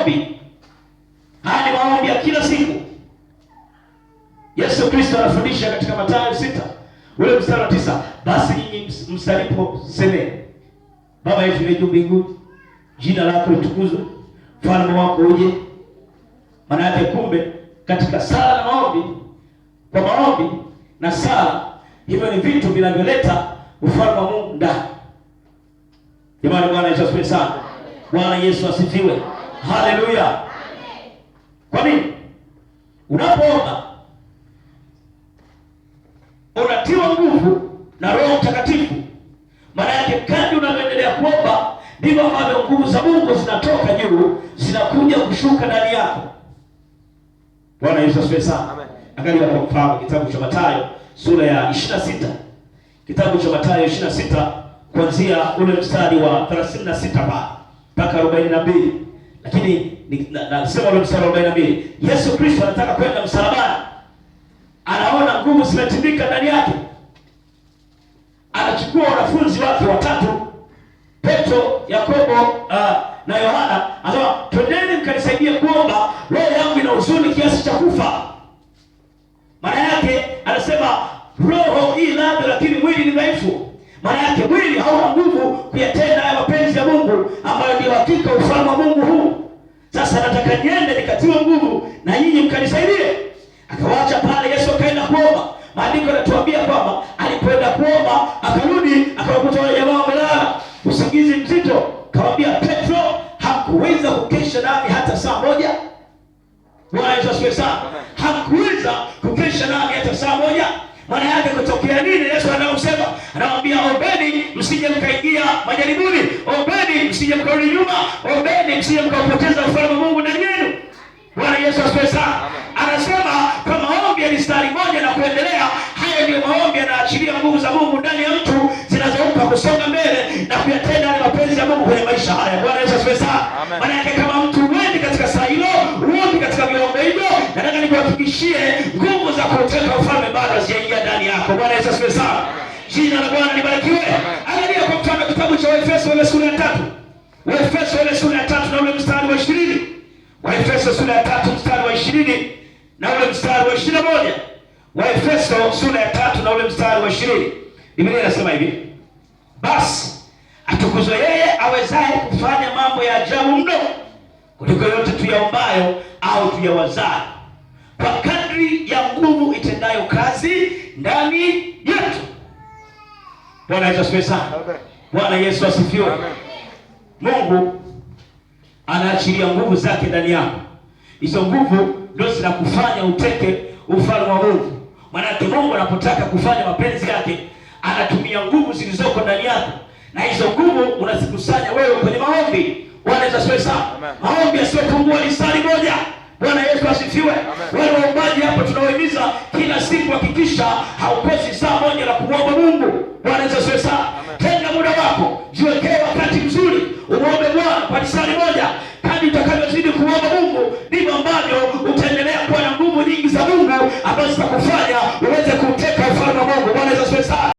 maombi, haya ni maombi ya kila siku. Yesu Kristo anafundisha katika Mathayo sita ule mstari wa tisa, basi nyinyi msalipo semee, Baba yetu uliye juu mbinguni, jina lako litukuzwe, ufalme wako uje. Maana yake kumbe, katika sala na maombi, kwa maombi na sala, hivyo ni vitu vinavyoleta ufalme wa Mungu ndani. Jamani, Bwana Yesu asifiwe sana. Bwana Yesu asifiwe. Haleluya! Kwa nini unapoomba unatiwa nguvu na Roho Mtakatifu? Maana yake kadri unavyoendelea kuomba ndivyo ambavyo nguvu za Mungu zinatoka juu zinakuja kushuka ndani yako. Bwana Yesu asifiwe sana. Angalia kwa mfano kitabu cha Mathayo sura ya 26, kitabu cha Mathayo 26 kuanzia ule mstari wa 36 mpaka 42. Lakini nasema ule mstari wa arobaini na mbili, Yesu Kristo anataka kwenda msalabani, anaona nguvu zimetimika ndani yake, anachukua wanafunzi wake watatu, Petro, Yakobo uh, na Yohana, anasema twendeni mkanisaidie kuomba, roho yangu ina huzuni kiasi cha kufa. Maana yake anasema roho hii labda, lakini mwili ni dhaifu. Maana yake mwili hauna nguvu kuyatenda haya mapenzi ya Mungu ambayo ndio hakika ufalme wa Mungu sasa nataka niende nikatiwe nguvu na nyinyi mkanisaidie. Akawaacha pale, Yesu akaenda kuomba. Maandiko yanatuambia kwamba alipoenda kuomba akarudi, akawakuta wale jamaa wamelala usingizi mzito. Kawaambia Petro, hakuweza kukesha nami hata saa moja. Bwana Yesu asifiwe sana. Hakuweza kukesha nami hata saa moja. Maana yake kutokea nini? Yesu anaosema anawaambia, ombeni msije mkaingia majaribuni, ombeni msije mkarudi nyuma, ombeni msije mkaupoteza ufalme wa Mungu ndani yenu. Bwana Yesu asifiwe sana. Anasema kwa maombi ya mistari moja na kuendelea, haya ndiyo maombi yanaachilia nguvu za Mungu ndani ya mtu zinazompa kusonga mbele na kuyatenda mapenzi ya Mungu kwenye maisha haya. Bwana Yesu asifiwe sana. Maana yake kama Yesu wezao. Jina la Bwana libarikiwe. Angalia kwa mfano kitabu cha Waefeso ile sura ya 3. Waefeso ile sura ya 3 na ule mstari wa 20. Waefeso sura ya 3 mstari wa 20 na ule mstari wa 21. Waefeso sura ya 3 na ule mstari wa 20. Biblia inasema hivi. Basi atukuzwe yeye awezaye kufanya mambo ya ajabu mno kuliko yote tuyaombayo au tuyawazayo, kwa kadri ya nguvu itendayo kazi ndani Bwana Yesu asifiwe sana. Bwana Yesu asifiwe. Mungu anaachilia nguvu zake ndani yako. Hizo nguvu ndio zinakufanya uteke ufalme wa Mungu. Maanake Mungu anapotaka kufanya mapenzi yake anatumia nguvu zilizoko ndani yako, na hizo nguvu unazikusanya wewe kwenye maombi. Bwana Yesu asifiwe sana. Maombi yasiyopungua lisali moja Bwana Yesu asifiwe. Wale waombaji hapa tunawahimiza kila siku, hakikisha haukosi saa moja la kumwomba Mungu. Bwana Yesu asifiwe sana. Tenga muda wako, jiwekee wakati mzuri, uombe Bwana kwa saa moja. Kadri utakavyozidi kuomba Mungu, ndivyo ambavyo utaendelea kuwa na nguvu nyingi za Mungu ambazo zitakufanya